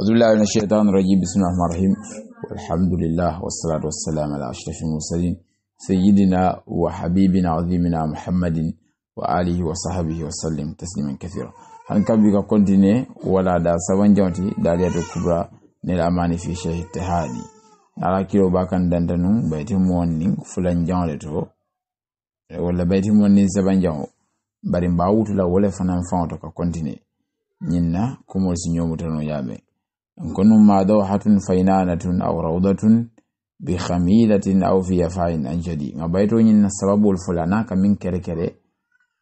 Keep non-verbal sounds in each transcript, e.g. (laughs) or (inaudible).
Auzubillahi minash shaitani rajim. Bismillahir rahmanir rahim. Walhamdulillah wassalatu wassalamu ala ashrafil mursalin sayyidina wa habibina azimina Muhammadin wa alihi wa sahbihi wa sallim tasliman kathira. Han kambi ka wala da saban jawnti daliyatul kubra ne amani fi tahani Ala kilo bakan dandanu bayti monni fulan jawnde to wala bayti monni saban jawnde bari mbawutula wala fanan fanto ka continue. ñinna kumol si ñomutano yaɓe انكن ما دوحه فينانه او روضه بخميله او في فاين انجدي ما بيتو nyin na الفلانا كمن كركره كمول kere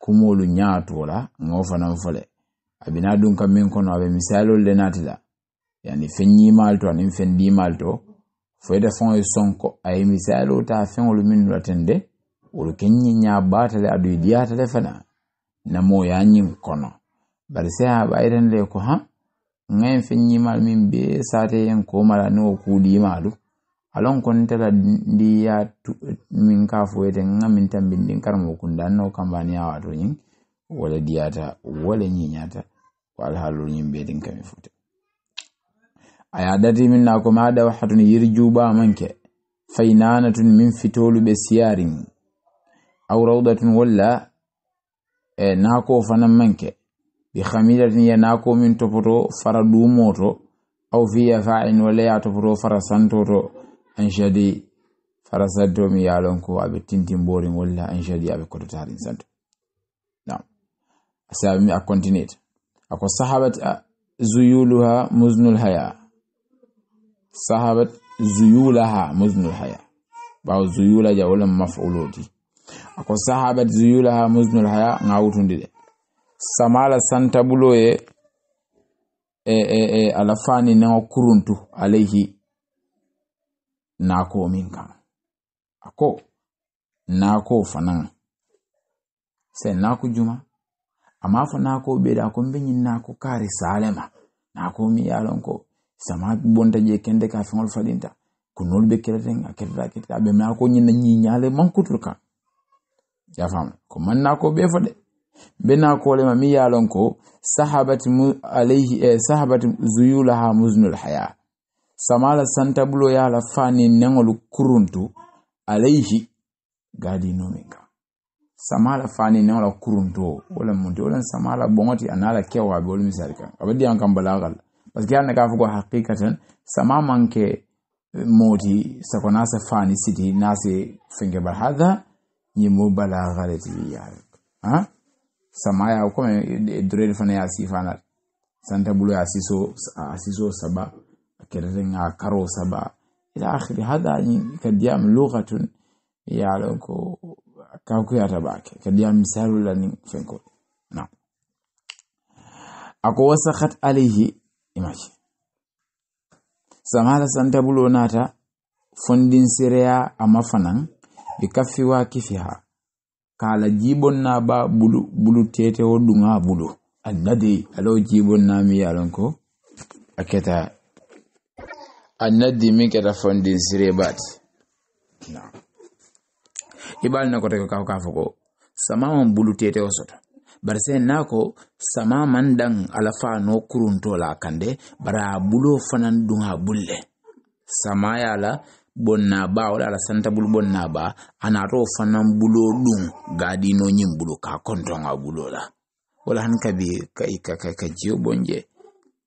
kumolu nyaato la ngo fanan fole abina yani fenyi malto anin fendi malto foyda fon sonko ay misalo ta fenolu min latende wolu kenyi ñabatale aɗo diyatale fana namo yañin kono se ha ko ha ngayen feññimal min be sateyen ko mala ni o kuuɗimaalu alon kon tala ndiya min ka fuwete nga min tambindin karmo kunda anno kambani awato ñin wala diyata wala ñiñata ko alhaalol ñin beeɗin kami fute aya dati min na ko maɗa wahatun yir juɓamanke fay nanatun min fitoluɓe siyarin aw rawdatun walla e nako fanan manke bi hamidatin min komin topoto fara ɗumo to aw fi yafa'in walla ya topoto fara santo to an shadi fara santo mi yalon ko aɓe tintimborin walla an shadi aɓe kototarin santo nam asami a continuate ako sahabat zuyuluha muznul haya sahabat zuyulaha muznul haya ɓawo zuyula ja wala maf'uloti ako sahabat zuyulaha muznul haya ngawutundi samala santabulo ye e, e, e, alafani naŋo kuruntu alayhi nako min kaŋ a ko naako fanaŋ sɛ juma ama fa nako naako beeda ko n be ñiŋ naako kaari saalema naako mi yalon ko sama bonta je kende ka feŋolu falinta ko nol be keleteŋ a keteta a keteta a be naako ñiŋ na ñiiñaale mankutulu kaŋ yafaamu ko man nako be fa de bena kolema mi yalon ko sahabat mu alayhi e sahabat zuyulaha muznul haya samala santa bulo yala fani nengolu kuruntu alayhi gadi nominga samala fani nengolu kuruntu wala munte wala samala bongoti anala kewa be wala abadi an kan balagal parce que yalla ka fugo haqiqatan eh, moti sakona sa fani siti nasi finge hadha yimu balagalati yalla ha samaya o comme durée fana y'a si fana santa bulu y'a siso a siso saba kɛrɛfɛ nka karo saba ila akhiri hada ni kadiyam lughatun ya lon ko ka ya ta bake kadiyam misalu la ni fenko na ako wasakhat alayhi imaji samala santa bulu nata fondin sireya amafanan bikafi wa kifiha kala jibonna ba bulu bulu tete wo ɗuma bulu annadi alo jibonnami yaron ko aketa annadi min keta fondin sirebat iɓal na kotako kaw kafo ko samaman bulu tete wo soto bara sen na ko samaman dan ala fano kurunto la kande bara bulo fanan ɗuma bulle samayala bonna ba wala ala santa bulu bonna ba ana to fanan bulo dun gadi no nyim bulu ka konton a bulo la wala han kabi ka ka ka, ka jio bonje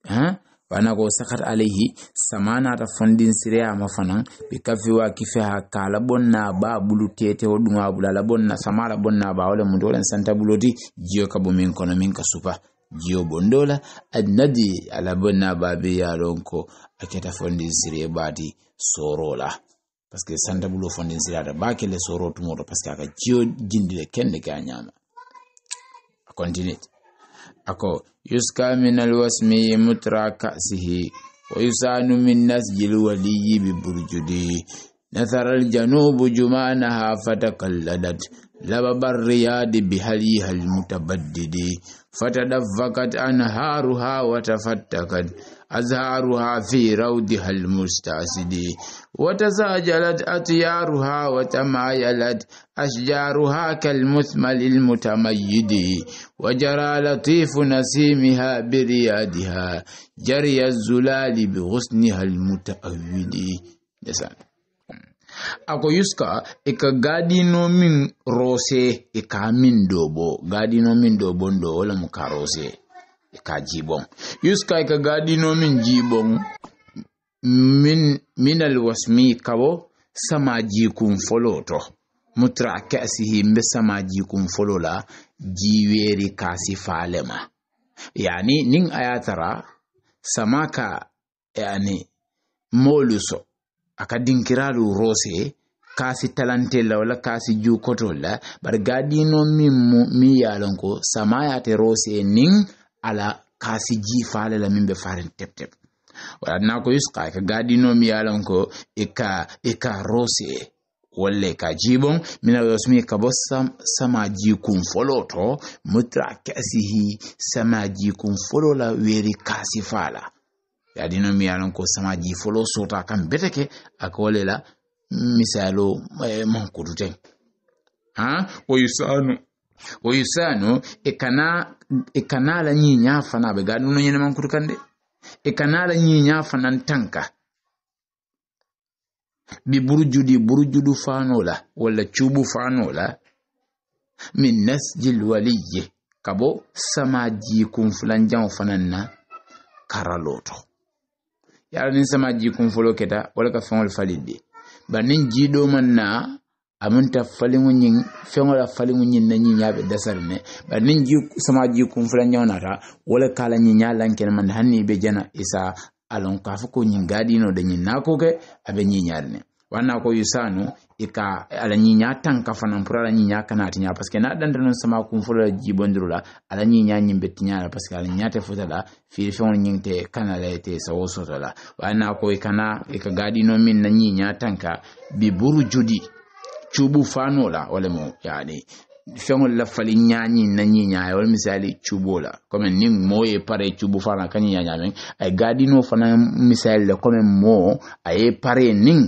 ha wana ko sakat alaihi samana ta fondin sire ma fanan bi kafi wa kife ha kala bonna ba bulu tete o dun a bulu la bonna samala bonna ba wala mun dole santa bulu di jio ka bo min kono min ka supa jio bondola adnadi ala bonna ba bi yaron ko aketa fondin sire badi soro la parce que santa bulo fondi fonden silata bakele soro tumoto que aka jio jindi le ken de ganyama a continue ako yuska min alwasmi mutra kasihi wa yusanu min nasji waliyi bi burjudi nathara aljanubu jumanaha fatakalladat لبب الرياض بهليها المتبدد فتدفقت أنهارها وتفتكت أزهارها في روضها المستأسد وتساجلت أطيارها وتمايلت أشجارها كالمثمل المتميد وجرى لطيف نسيمها بريادها جري الزلال بغصنها المتأود ako yuska ika gadino min rose ika min dobo gadino min dobo ndo wala muka rose ka jiɓon yuskay ka gaɗinomin jiɓon min minal wasmi kabo samaji kun folo to mutra ke asi himbe samaji kun folo la jiweri kasi falema yani nin ayatara samaka yani moluso aka dinkiralu rose kasi talante la wala kasi jukoto la bar gadino mimmu mi yalonko samayate rose nin ala kasi ji fale la mimbe be farin tep tep wala na ko yusqa ka gadi no mi ala ko e ka e ka rose wala ka jibon mina yosmi ka bo sama ji kun foloto to mutra kasihi sama ji kun folola weri kasi fala ya dino mi ala ko sama ji folo sota kan beteke akole la misalo eh, mankuduten ha wo yusanu wo yusanu e kanala e ñiña fanaɓe ga ɗum no ñande mankutu kande e kanala ñiña fanan tanka mi burjudi burjudu fanola walla cuubu fanola min nasjil waliye kabo samaji kun fulan jan fanan na karaloto yaranin samaji kun fulo keta wala ka fenol falinde banin jiɗoman na amin ta faliŋo ñiŋ la faliŋo ñiŋ na ñiŋ yaa be ne bari niŋ jii sama jii kunfula ñaŋo nata wo le ka a la ñiŋ yaa laŋ i be jana isa a loŋ ka fo ko ñiŋ de ñiŋ naako ke a be ñiŋ ne wanna ko yusanu ika ala ñiña tanka fanan pour ala ñiña kanati ña parce que na danta non sama kum fula jibondiru la ala ñiña ñimbe tiña la parce ala ñiña te futa la fiiri feŋol ñiŋ te kana la ite sawo soto la wanna ko ikana ika gaadino min na ñiña tanka bi buru judi chubu fano la wale mo yani fengo la fali nyanyi na nyinya ay wale misali chubu la comme ni moye pare chubu fana ka nyanya men ay gadi no fana misali la comme mo ay pare pare niŋ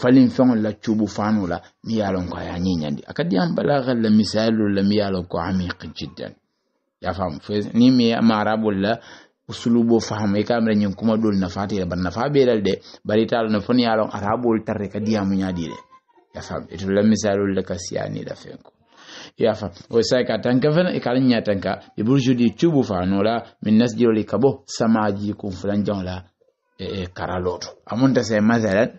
falin feŋo la cuubu faano la mi ye a ko a ye a ñiñandi a ka diyaŋ la misali la mi ye a ko amiq jiddan ya faamu ni mi ma arabol la usulubo fahamu i e ka mira ñiŋ kuma doolu nafaati ban bari nafaa bee lal de bari ite a loŋ ne fo ni ye a loŋ arabolu tarre ka diyaamu de ya fam ito la misalol la ka la fenko ya fam o sai ka tanka fana e kala nya tanka e di tubu fa no la min li kabo samaji kun fulan jongla e, e karaloto ta sai mazalan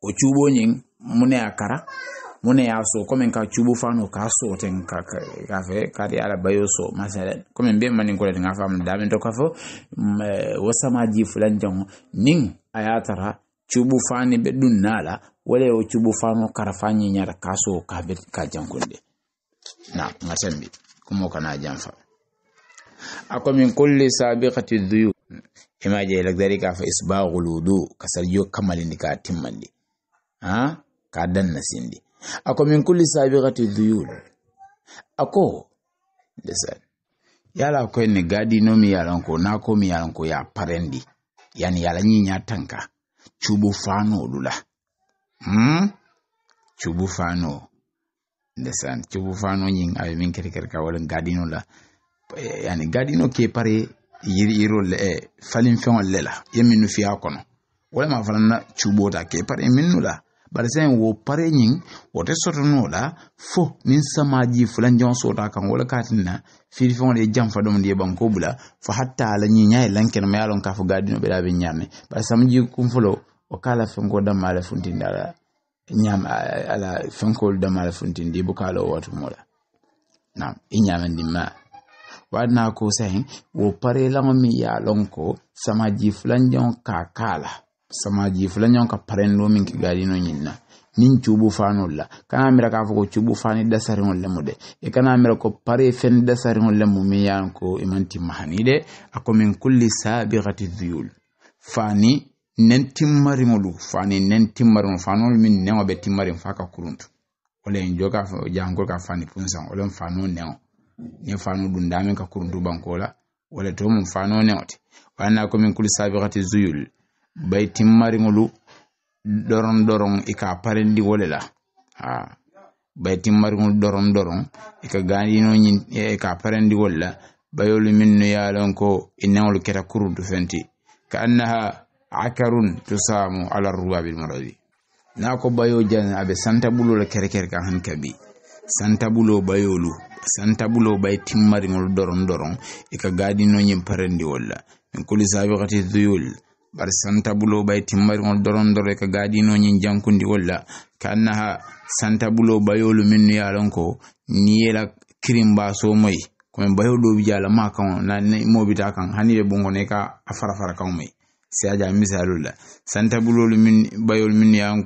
o tubo nyin mune akara mune ya so komen ka tubu fa no ka so ten ka ka fe ka di ala bayo so masalan komen be manin ko le nga fam da min to ka fo e, wa samaji fulan jon nin ayatara cubu fani be dun nala wale o cubu fano kara fañi ñara kaso ka be ka jankunde na ga sembi kumo kana jamfa ako min kulli sabiqati dhuyu imaje lak ka fa isbaghul wudu kasar yo kamalindi ka timmandi ha ka dan nasindi ako min kulli sabiqati dhuyu ako desan yala ko ni gadi no mi yalanko na ko mi yalanko ya parendi yani yala nyinya tanka cuɓu fano ɗula hmm? cuɓu fano ndesan cuɓu fano ñin min kerker ka wala gadino la eh, yani gadino ke pare yiri irol le eh, falin feŋol le la ye minnu fiya kono walama fana na cuɓota ke pare minnu la bari sen wo pare ñiŋ wo te sotono la fo niŋ samaji fulanjaŋo sota kaŋ wo le ka tin na fiilifeŋo ye janfa domondi banko bula fo hatta la ñiŋ ña ye lankenema ye a gadino be la be ñaame bari samaji kunfolo wakala kala dama la funtindi ala nyama ala fenkol dama la funtindi bu kala o watu mola na inyama ñamandi ma wadna ko sahin wo pare lamo mi ya lon ko samaji fulanjon ka kala samaji fulanjon ka parendo min ki no ñinna nin chubu fanol la kana mira k'a fɔ ko cuubu fani dasariŋol mo de i e kana mira ko pare fen mo lemu min ya ko imanti e mahani de a ko min kulli sabigati dhuyul fani nen timmari mo lu fani nen timmari mo fanol min neo be timmari fa ka kuruntu ole en joga fo jangol ka fani punsa ole fano neo ne fano dun dame ka kuruntu bankola ole to mo fano neo ti wana ko min kul sabiqati zuyul bay timmari mo lu doron doron e ka parendi wole la ha bay timmari mo doron doron e ka gani no nyin e ka parendi wole la bayol min no yalon ko inewol e keta kuruntu fenti ka annaha akarun to saamu alal rubabil maradi na ko bayo jani aɓe santabulo la kerekere kan han kabi santabulo bayolu santabulo bay timmarigol doron doron e ka gadinoñin parendi wolla min koli saabi xati duyol bare santabulo bay timmarigol doron doro e ka gadinoñin jankundi wolla kannaha santabulo bayolu minnu yalon ko niyela kirimbaso moy komin bayo ɗoɓi jalama kan nanimoɓita kan hani ɓe bongone ka a farafara kan moy siyaja misalu la santa bulolu min bayol min yan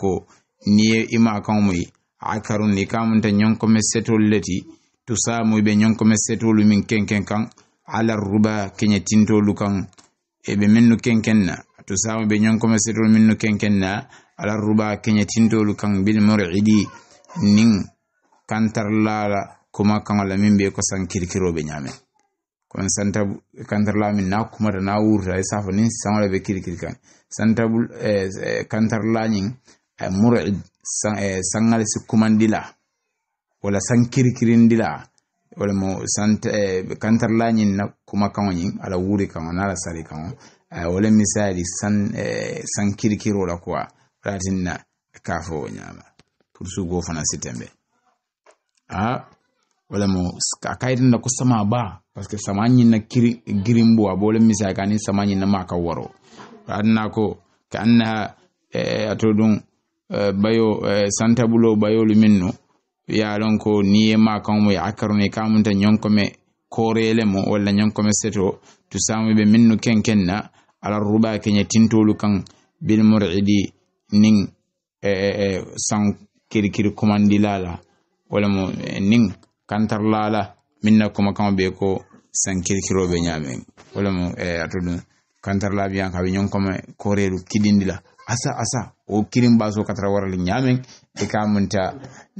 ni ye ima kanmu ye akarun ni kamunta ñonkome setolu leti tusamu be ñonkome setolu min kenken kan ala ruba keñe tintolu kan eɓe minnu kenken na tusamu be ñonkome setolu minnu kenken na ala ruba keñe tintolu kan bil muridi nin kantarlala kuma kan la min be ko san kirkiroɓe ñamen kono kantarla min na kumata na wurta e safa nin saŋola be kiri kiri kan santa bul eh, eh, kantarla kantarlañin eh, murid saŋal si kumandila wala san kiri kiri ndila wala mo santa kantarla kantarlañin na kuma kan ñin ala wuri kan na ala sari kaŋo wala misali san san kiri kiri wala kwa ka fo wo ñama pour sugo fana sitembe a ah, wala mo a kayitinna ko sama baa pasque sama ñinna kiri a bole misay ka ni sama ñinna ma ka adna ko ka annaha e eh, ato ɗum eh, bayo eh, santabulo bayolu min no yalon ko niye ma kanmo ya akkarune kamunta ñonkome korele mo walla ñonkome seto tusamuɓe min no kenkenna ala ruba keñe tintolu kan bil muridi nin san kirikiri kumandilala walamo nin kantarlala min na be ko san kirikiro be ñaame walamu eh, ato ɗum kantarla biyan ka ɓe ñon koma koreeru kiɗindi la asa asa o kirin baso katara warala ñaamen e ka munta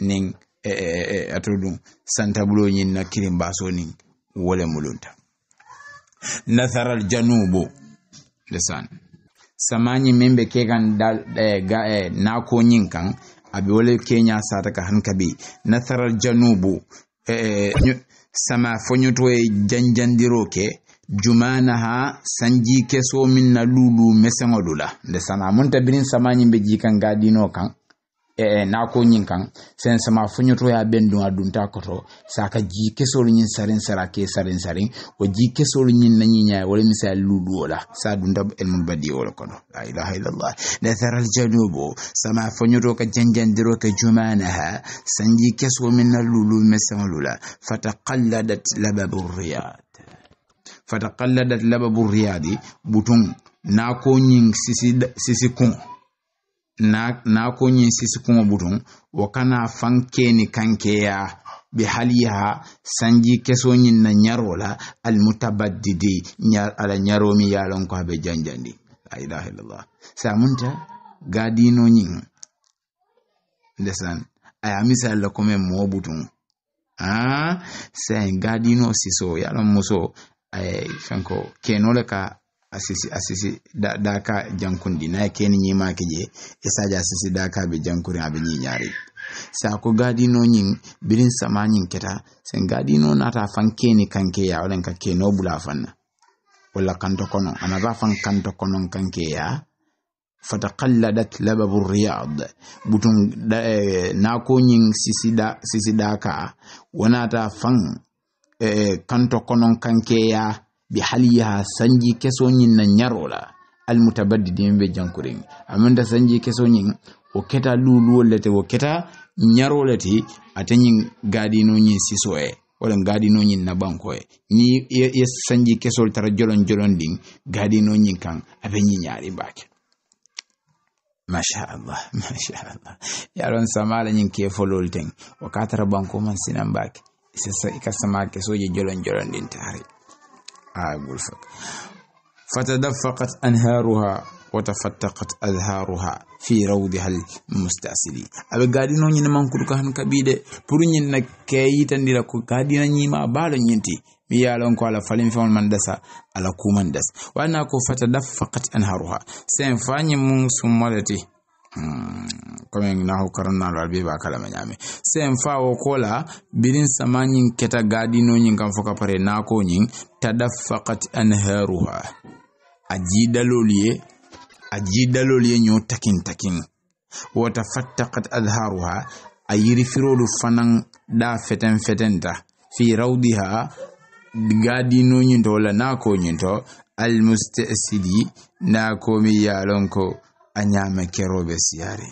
nin e, eh, e, eh, e, eh, ato ɗum santabuloñin na kirin baso nin wole mulunta natharal janubo lesan samañi min ɓe kegan dal eh, ga eh, nakoñin kan aɓe wole keña sata ka han kabi natharal eh, sama foñoto e janjandiro ke jumana ha sanji keso min na lulu meseŋolu la nde sana mun tabirin samañimbe jikan gadino kan eh, eh na ko nyin kan sen sama funyo to ya bendu adunta koto saka ji kesol nyin sarin sara ke sarin sarin o ji kesol nyin na nyinya wala misal lulu wala sa dunda el mun badi wala kono la ilaha illallah la thara al janubu sama funyo to ka janjan diro ka jumanaha sanji kesol min na lulu mesamulula fataqalladat lababu riyad fataqalladat lababu riyadi butun na ko nyin sisi sisi kun na na sisi sisikuŋo buton wo kana ni kanke ya bi haliyaha sanji keso nyin na nyarola al mutabaddidi nyar ala ñaro mi ye lon ko be janjandi la ilaha illallah sa samunta gadinoñin ndesan a ye misali la kome moo butun a sayin gadino siso ya lon muso ay fanko kenole ka asisi asisi da, da ka jankundi na keni nyi ma kije isaja asisi da ka be jankuri abe nyi nyari sa ko gadi no nyin birin sama nyin keta sen gadi no na ta fan keni kanke ya wala ka ke no bula fanna wala kanto kono ana ba fan kanto kono kanke ya fataqalladat lababu riyad butun eh, ko nyin sisi da sisi da ka wana ta fan eh, kanto kono kanke ya bi haliyaha sanji kesoñin na ñarola almutabaddidimen ɓe jankuren amanda sanji kesoñin wo keta luluwol lete wo keta ñarole ti ateñin gaadinoñin siso e walla gaadinoñin nabanko e ni ye sanji kesol tara jolon jolon ɗin gaadinoñin kan aɓe ñiñaari mbake masha allah masha yaron samala ñin kefolol ten wo katara banko man sinan mbake sesa ika sama kesoje jolon jolon ɗin taari haya fatadafaqat anharuha watafattaqat azharuha fi rawdiha almustasili aɓe gaɗino ñina mankudu ka han kaɓiɗe pour ñinna keyitandira ko gaɗina ñima baalo ñinti mi yalon ko ala falin fewol man dasa ala kuman das wanna ko fatadaffaqat anharuha sen fañi mum summolete kɔmi nahu karonna lo albe ba kala ma nyame sen fa wo kola birin samanyin keta gadi no nyin kan foka pare na ko tada fakat anharuha aji daloliye aji daloliye nyo takin takin wata fattaqat adharuha ayiri firolu fanan da feten fetenta fi rawdiha gadi no nyin to la na ko nyin to almustasidi na ko mi yalon anyame kerobe siyari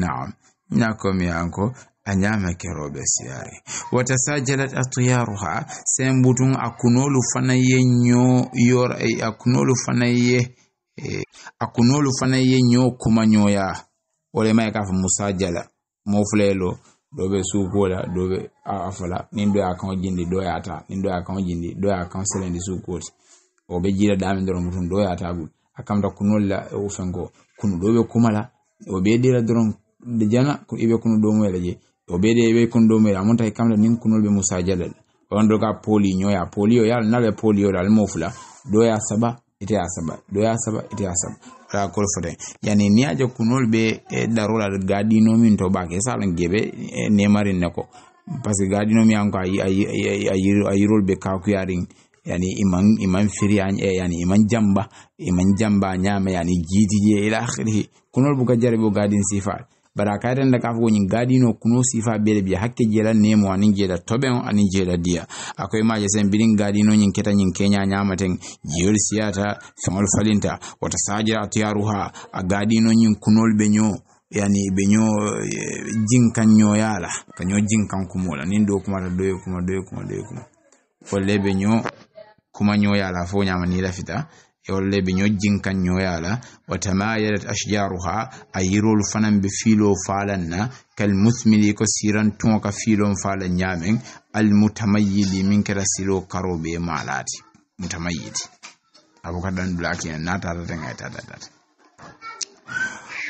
naam ñakomi yanko a ñaama keroɓe siyari wata sajalat atyaruha sen butun akkunolu fana ye ño yor akkunolu fana ye akunolu fana ye ño kuma nyoya ole ka fa musajala mofulelo dobe sukola dobe afala be nin do ya kan jindi do ya ta nin do ya kan jindi do ya kan selendi suukoti o be jira dami doro mutum do ya ta bul akamda kamata kunol la o fɛn kɔ kunu dɔ bɛ kuma la o bɛ de la dɔrɔn jana ko ibe kunu don lajɛ o bɛ de i kunu do mo mun amonta kamda nin ni be musa jalal la wọn ka poli nyoya poli o yal n'a poli o dal ale m'o fila dɔ y'a saba ite y'a saba do y'a saba ite y'a saba ra y'a fode yani ye yanni n'i y'a jɛ kunol bɛ daro la gaadino min tɔ b'a kɛ sala ne marin ne ko parce que gaadino min y'an ko ayi ayi ayi ayi rol be bɛ kakuya de yani iman iman firi an e eh, yani iman jamba iman jamba nyama yani jiti je ila akhirih kunol buka jare bo gadin sifa bara kayden da kafo nyin gadino kuno sifa bele biya hakke jela nemo anin jela tobe anin jela dia akoy maje sen bilin gadino nyin keta nyin kenya nyama ten jiyol siata fengol falinta wata sajira atyaruha a gadino nyin kunol benyo yani ɓe ño eh, jinkan ñoyala ka ño kan kumola nin ɗo kumata ɗoye kuma do kuma do kuma folle ɓe ño kuma ñoya la fo ñama ni lafita yolle be ño jinkan ñoya la wa tamayalat ashjaruha a fanan be filo falanna kal kalmuthmili ko siran tuŋo ka fiilon falan ñameŋ almutamayili min keta silo karo be malati mutamayidi abokadandula kina na tatateŋa e tatatata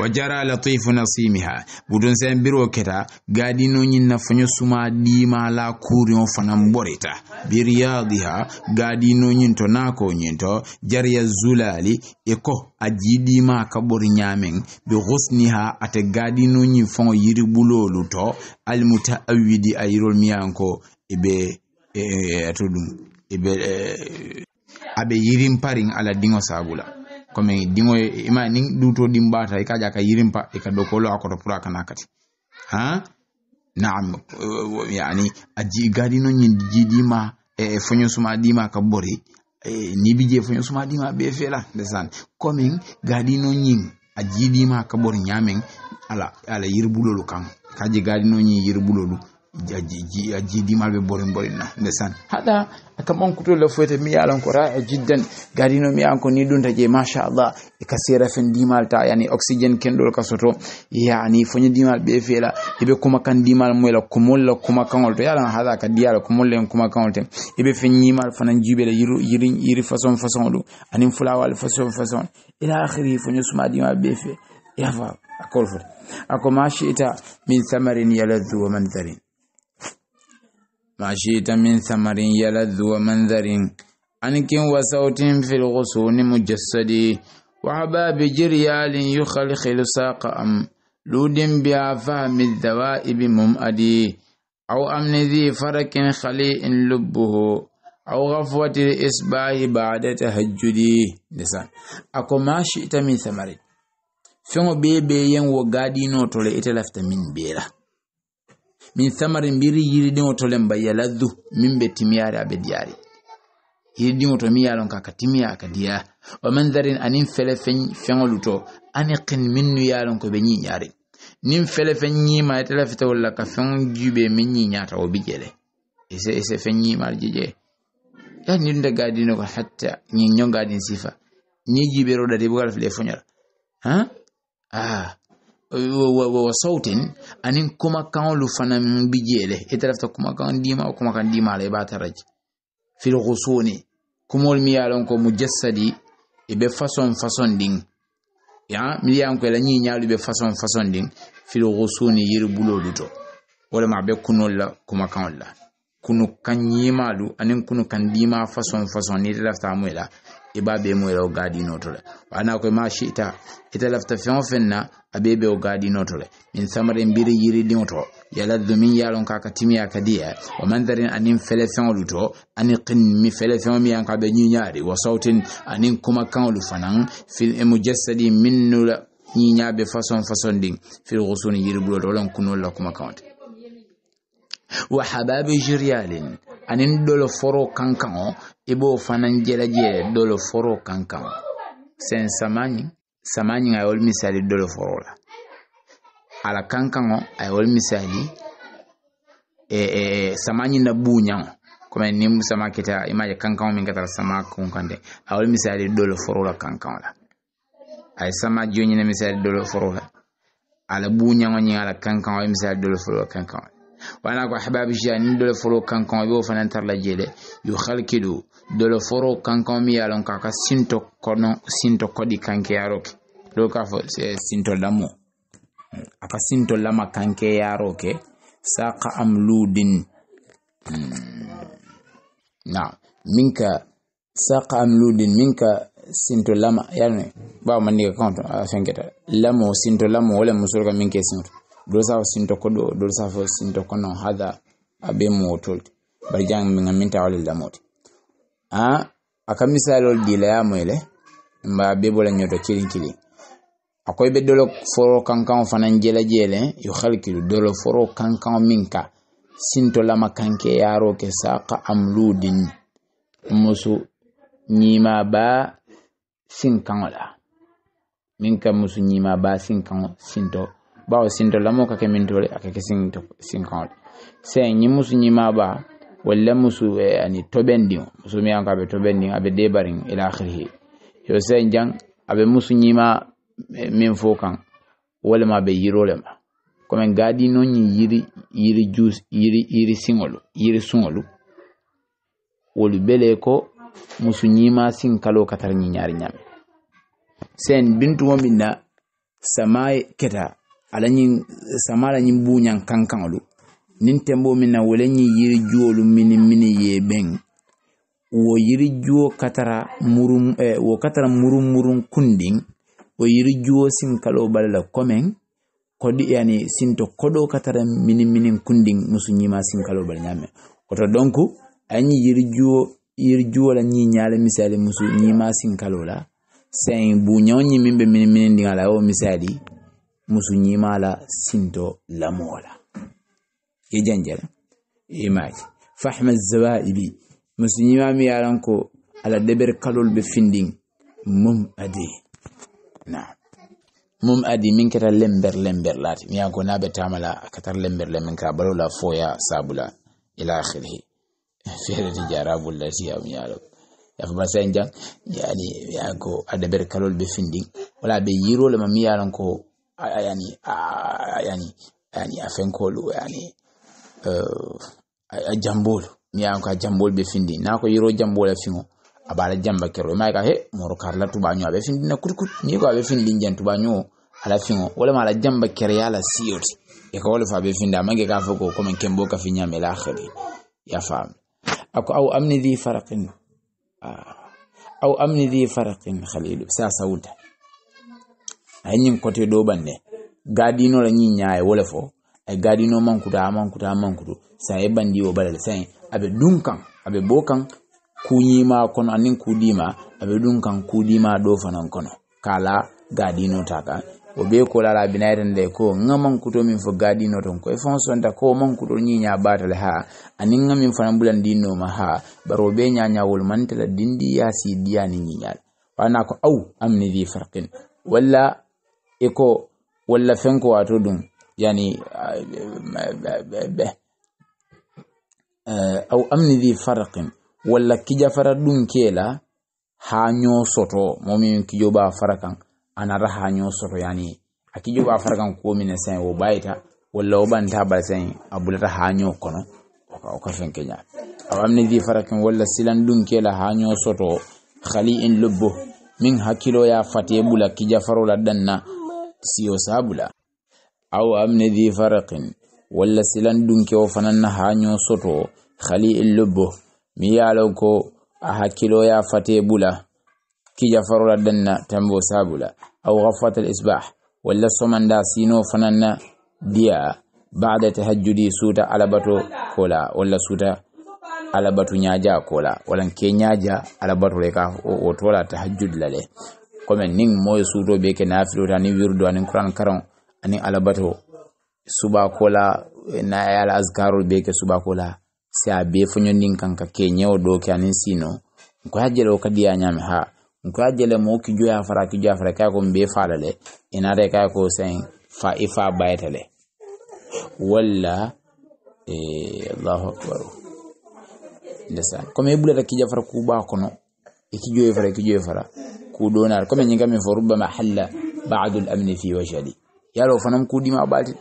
o jara latifu nasimiha budun sen biro keta gaadinoñin nafoño suma ɗimala kurio fanan ɓoreta biriyadiha gaadinoñin to nakoñin to jarya zulali e ko a jiɗima ka ɓori ñamen ɓe husniha ate gaadinoñin fano yiri ɓulolu to almutaawidi a yirol miyanko eɓe e, e, e, to ɗum eɓe e, aɓe yirin parin ala dingo sabula kome diŋo ye ima niŋ duutoo diŋ baata i ka je ka yirimpa i ka dokolo a koto pour a kana kati ha naam yani a ji gadino ñin ji dima e, e foño suma dima ka bori e, ni bi je foño suma dima be fela ndesan komin gadino ñin a ji dima ka bori ñamen ala ala yirbulolu kan ka je gadino ñin yirbulolu jidima ɓe borin borin na ndesan haɗa akam on kutol la foyta mi yalan e ko ra'a jiddan garino mi yalan ni ɗum taje machallah e ka fen dimal ta yani oxygéne kenɗol ka yani foño dimal ɓe feela eɓe kuma kan dimal muyla kumolla kuma kaŋol to yalan haɗa ka diyala kumolla en kuma kaŋol ten eɓe fen ñimal fanan juɓela yiri yiri façon façon ɗum anin fulawal façon façon ila akhiri foño suma dimal ɓe fe yafa akol fota ako ma min thamarin yaladdu wa mandarin ما شئت من ثمر يلذ ومنذر أنك وصوت في الغصون مجسد وحباب جريال يخلخل ساق أم لود بها فهم الذوائب ممأدي أو أمن ذي فرك خليء لبه أو غفوة الإصباح بعد تهجدي لسان أكو ما شئت من ثمر فيما بيبي ين وقادي نوتو لإتلاف من بيره min thamari mbiri yiri to len ba yaladdu mimbe timiari abediari. a be diyaari yiridiŋo to miŋ ye a loŋ wa mandharin aniŋ fele feŋolu to aniqin minnu ye a loŋ ko be ñiiñaari niŋ fele feŋ ñiima ite lafita wolu ka fengo jube minyi nyata wabijele. bi je le ise ise feŋ ñiimaari je ya niŋ gadino kwa hata nyinyonga ñiŋ ñoŋ gaadin sifa niŋ jibeero dati i buka lafi le foñora wa sautin kumakaŋolu fanaŋ bi jeele ite lafita kumakaŋ diima o kumakaŋ diima la i b'a tara kumol mi ye a mujassadi i be façon diŋ ya mi ko i la ñiiñaalu be façon façon diŋ fil yiri bulolu to walama be kunol la kumakaŋol la kunu kan ñiimaalu aniŋ kunu kan diima façon façon niŋ ite lafita a moyi ibabe b'a bee mo yɛrɛ o gaadinoo to le wa naa ko ma shita ite lafita feŋ o feŋ o gaadinoo to le min samarin biri yiridiŋo to yaladdu min ye a loŋ ka a timiya ka wa mantarin aniŋ fele luto to ani qinmi fele feŋo mi yaŋ ka a be ñiiñaari wa sawtin aniŋ kumakaŋolu fanaŋ fil mujassadi min nu la ñiiñaa fason fason ding fil husuni yiri bulo wo loŋ kunoolu la kumakaŋo te wa hababi jiryalin ani dolo foro kan kan i b'o fana jɛlɛjɛ dolo foro kan sen sɛn sama ɲi sama a ye misali dolo foro la ala kan kan a ye misali eh, eh, sama na buu ɲa ni sama kita imaje m'a ye min ka taa sama kun kan a ye misali dolo foro la kan la a ye sama jo ɲinɛ misali dolo foro la ala buu ɲa ala kan kan a ye misali dolo foro la kan wana ko ahbabija ni dole foro kankan be o fana tar la lajɛ dɛ yukhalkidu dole foro kankan mi yalon kaka sinto kono sinto kodi kankeyaro ke do ka fo sinto lamo aka sinto lama kankeyaro ke saqa amludin hmm. na minka saqa amludin minka sinto lama yani ba man ni ka kanto a sengeta lamo sinto lamo wala musoro minke sinto dolsafa sinto ko ɗo dolsafa sinto kono hada abe mo tolti bari jang mi ngaminta wala lamoti a akamisa lol dila ya moyle mba be bola nyoto kilin kilin akoy be dolo foro kankan fana jela jele yu khalkilu dolo foro kankan minka sinto la makanke yaro ke saqa amludin musu nyima ba sinkan kangola minka musu nyima ba sinkan sinto bawo sintolamo ka ke mintole aka ke sinkaŋo le seŋ ñiŋ musu ñimaa baa wala musu e eh, ani tobendiŋo musu mi anka be tobendiŋ a be debariŋ ila akhirihi yo se njang abe musu ñimaa eh, miŋ fo kaŋ walema a be yiro le ma gadi no nyi yiri yiri jus yiri yiri siŋolu yiri suŋolu wolu bele ko musu ñimaa siŋ kaloo ka tara ñiŋ ñaari ñame seŋ bintuŋo miŋ na samaye keta alañin sama alañin buñan kankaŋolu nin tembo min na wolañin yiri juwolu mini mini ye ben wo yiri juwo katara murum eh, wo katara murum murum kundin wo yiri juwo sin kalo bala la komen kodi yani sinto kodo katara mini mini kundin musu ñima sin kalo bala ñame oto donc ayañi yiri juwo yiri juwo la ñi ñale misali musu ñima sin kalo la sen buñawoñi min be mini mini ndin ala wo misali musu ñimala sinto lamola ye janjala imaji fahma zawaibi musu ñimami yalan ko ala deber kalol be findin mum adi na mum adi min kata lember lember lati mi ko na tamala katar lember lember ka balola foya sabula ila akhirih fere di jarabu lati am yalo yafuba senja yani ko adaber kalol be findin wala be yiro le mami ko yani, yani, yani afenkolu yani uh, a jambol mi yan ka jambol be findi na ko yiro jambola fiŋo a bala jamba kero ma ka he moro karla tuba nyu be findi na kurkut ni ko a be findi tuba nyu ala fingo wala mala jamba kereya la siot e ko wala fa be findi a manke ka fo ko men kembo ka finya ñame la akhiri ya fam ako aw amni dhi faraqin aw ah. amni dhi farqin khalil sa sauda ay ñing côté do banne no la nyi ñaaye wala fo ay e gadi no man kuta man kuta man mankutu sa e bandi o balal sa abe dun kan abe bo kan kuñima kono anin kudima abe dun kan kudima do fanan kono kala gadi no taka o be ko lala binayten de ko ngaman kuto min fo gadi no ton ko e fon sonta ko man nyi nya batale ha anin nga min fanan bulan dinno ma ha baro be nya nya ñañawol mantela dindi ya yasi diyani ñiñal wana ko aw amni di farqin wala iko wallafen ko wato dun yani eh, aw amni di farqin walla kija fara ɗum kela ha ñosoto momin kijoɓa fara kan anara ha ñosoto yani a kijoɓa fara kan komine sen o ɓayita walla o ɓanta bal sen a bulata ha fenke ña aw amni di farakin walla silan ɗum kela ha ñosoto khali in min hakkiloya fate ɓula kija farola danna siyo sabula aw amne dhi faraqin wala silan dunkewo fananna ha ño soto khali illubu mi yalon ko a hakkiloya fate bula kija farula danna tambo sabula aw ghafata al isbah wala somanda sino fananna dia baada tahajjudi suta alabato kola wala suta alabatu nyaja kola wala kenyaja alabato leka o tola tahajjud lale kome nin moye suuto be ke nafilo ani wirdo ani qur'an karan ani alabato suba kola na ayal azkarol be ke suba kola si a be foñondin kan ka ke ñewo do ke ani sino ko hajjele o kadi ya ñame ha ko hajjele mo ki joya fara ki joya fara ka ko be falale ina re ka ko sen fa ifa baytale le walla eh, allahu akbar ndesa comme i bulata kija fara kuba kono joye fara ki joye fara kudona kama nyinga min faruba mahalla ba'd al-amn fi wajhi yalo fanam kudi ma bati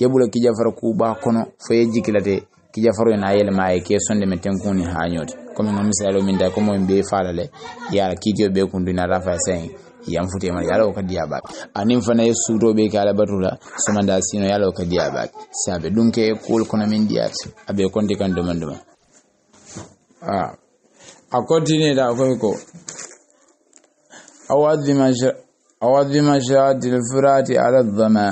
yabula kijafar ku ba kono fayeji kilate kijafar na yele ma ke sonde meten kuni hanyoti kome ngam misalo minda da komo be falale ya kijo be kundina rafa sen ya mfute ma yala o kadiya ba anim fana ya suto be kala batula suma sino yala o kadiya ba sabe dunke kul kono min diya abe konti kan domandoma ah a continue da ko أو الدمشات الفرات على الظما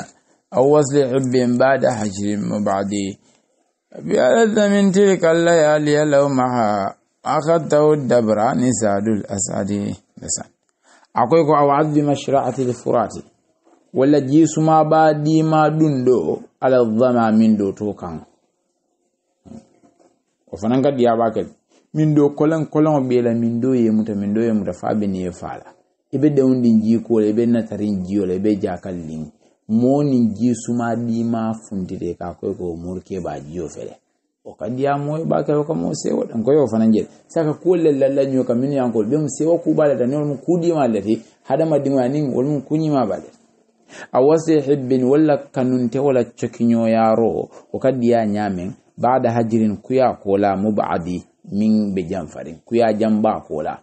أو وصل حب بعد حجر مبعدي بألذ من تلك الليالي لو لومها أخذته الدبر نساد الأسعد لسان أقولك أو عظم شرعة الفرات ولا جيس ما بادي ما دندو على الظما من دو توكان وفنان قد ياباكد من دو كلن كلن بيلا من دو يموت من دو يموت فابني يفعله ebe be denw din jii kuwo la i be natarin jio la i be jaka liŋ moo nin jii suma ka koy ko murke ba baa jio fere o ka diya mooyo baa kela ka moo dan ko yo fanaŋ jele saka ko le lalla ñoo ka minnu yankol be mu sewo ku bala ni wolu ku di diima lati ma aniŋ wolu mu kuñima ba ma bala awasi hibbin walla te wala cokiñoyaaro o ka diya ba da hajirin ku kuya kola mubadi min be jamfarin ku ya jamba kola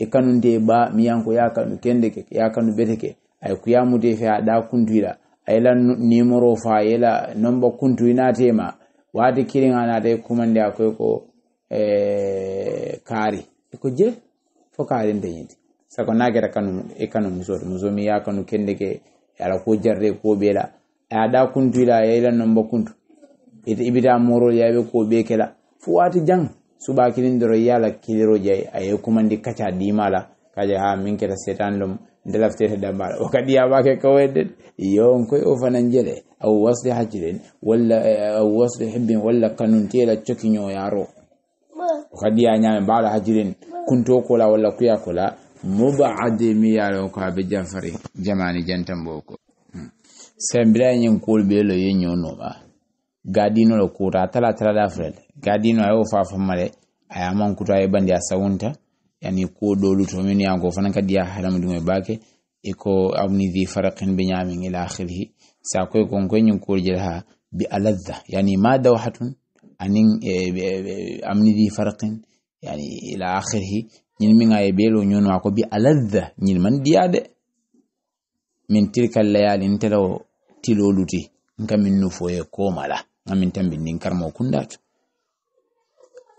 e de ba miyanko ya kanu kende ke ya kanu bete ke ay kuyamude fe a ɗa ay lan numero fa yela nomba wadi wati ana nata kumande a koy ko kari ko je fo de yinti sako na keta kanu e kanu musoto muso mi ya kanu kende ke ala ko jarre ko ɓeela aya ɗa ay lan nomba kuntu ite ibita moro yabe ko bekela fu wati jang suba kilin doro yala kiliro je ayo kumandi kaca dimala kaja ha ah, minke ta setan lom ndelaftete dambala (laughs) wakati wake kawede yon koy o fanan jele aw wasli hajilen wala eh, aw wasli hibbin walla kanuntela cokiño yaro wakati ya ñame mbala hajilen kunto kola walla kuya kola mubaade mi yalo ko abe janfari jamani jantamboko sembira ñin kol be lo gadino lo kura tala tala da fred gadino ayo fa fa mare aya man kuta e bandi asawunta yani ko dolu to min yango fanan kadi dia halam dum e bake e ko amni di farqin bi nyami ila akhirih sa ko kon ko nyin ko ha bi aladha yani ma dawhatun anin e, e, e, amni di farqin yani ila akhirih nyin min ay belo wa ko bi aladha nyin man dia de min tilka layali ntelo tiloluti nka min nufo e ko mala amin tambin nin karmo kundat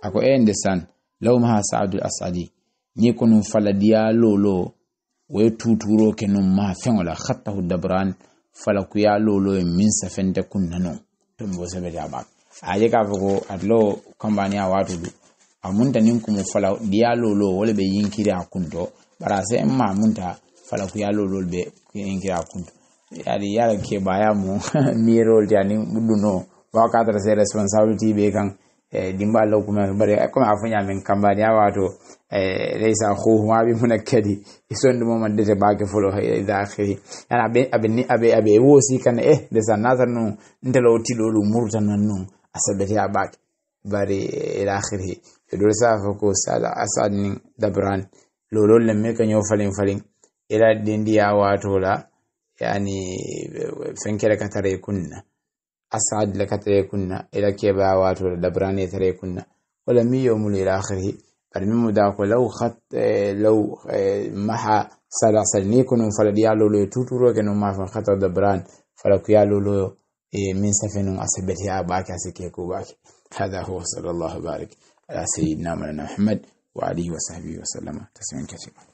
ako e eh, ndesan law ma saadu asadi ni ko num fala diya lolo we tuturo ke num ma fengola khattahu dabran fala ku ya lolo e min sa fende kunnano tum bo sebe da ba aje ka ko atlo kambani a watu du amunta nin kumu fala diya lolo wala be yinkiri a bara se ma munta fala ku ya lolo be yinkiri a kunto yari yara ke baya mu (laughs) mirol yani muduno wakatara sai responsibility be kan eh, dimba Allah kuma bare eh, kuma afanya min kambani ya wato laysa eh, khuhuma bi munakkadi ison dum man de baake fulo hay da akhiri yana be abin abe abe wosi kan eh de san nazar no ndelo tilolu murta nan no asabati ya baake bare ila akhiri dole sa fa ko sala asad nin dabran lolol le me kan yo falin falin ila dindiya wato la yani fenkere katare kunna أسعد لك تريكنا إلى كباوات ولا دبراني تريكنا ولم يوم إلى آخره برمي مداك لو خط لو محا سلا سلنيكن فلا ديالو لو توتورو كنو ما في فخط دبران فلا كيالو لو إيه، من سفن أسبتها باك أسكيكو باك هذا هو صلى الله بارك على سيدنا محمد وعليه وصحبه وسلم تسليما كثيرا